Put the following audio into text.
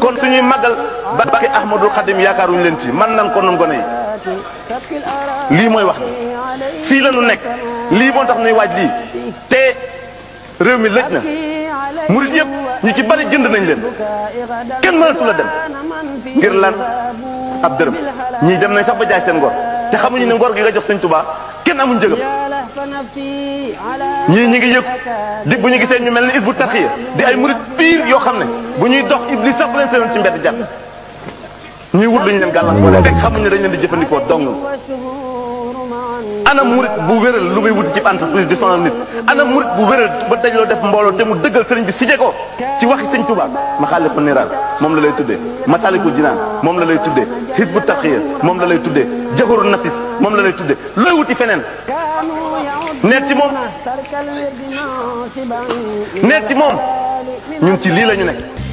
kon suñuy màggal barke Ahmadul Xadim yaakaaruñu leen ci man nan ko noonu gone yi lii mooy wax ni fii la ñu nekk lii moo tax nuy waaj lii te réew mi lëj na murit yëpp ñu ci bari jënd nañ leen kenn mënatu la dem ngir lan ab dërëm ñii dem nañ sax ba jaay seen ngor te xamuñu ne ngor gi nga jox Sëñ Tuubaa kenn amuñ jëgam ñii ñu ngi yëg di bu ñu gisee ñu mel ni isbu tarxiya di ay murit piir yoo xam ne bu ñuy dox iblis sax bu leen seenoon ci mbedd jàpp ñuy wut dañu leen gàllankoor rek fekk xamuñ ne dañ leen di jëfandikoo dong. ana murit bu wéral lu muy wuti ci entreprise di sonal nit ana murit bu wéral ba dajaloo def mbooloo te mu dëggal sëriñ bi sije ko ci waxi sëñ Tuubaa Maxaaliqun Niraar moom la lay tuddee Masaalikul Jinaan moom la lay tuddee Hizbut Tarqiyyah moom la lay tuddee Jawharun Nafis moom la lay tuddee looy wuti feneen neet ci moom neet ci moom ñun ci lii la ñu nekk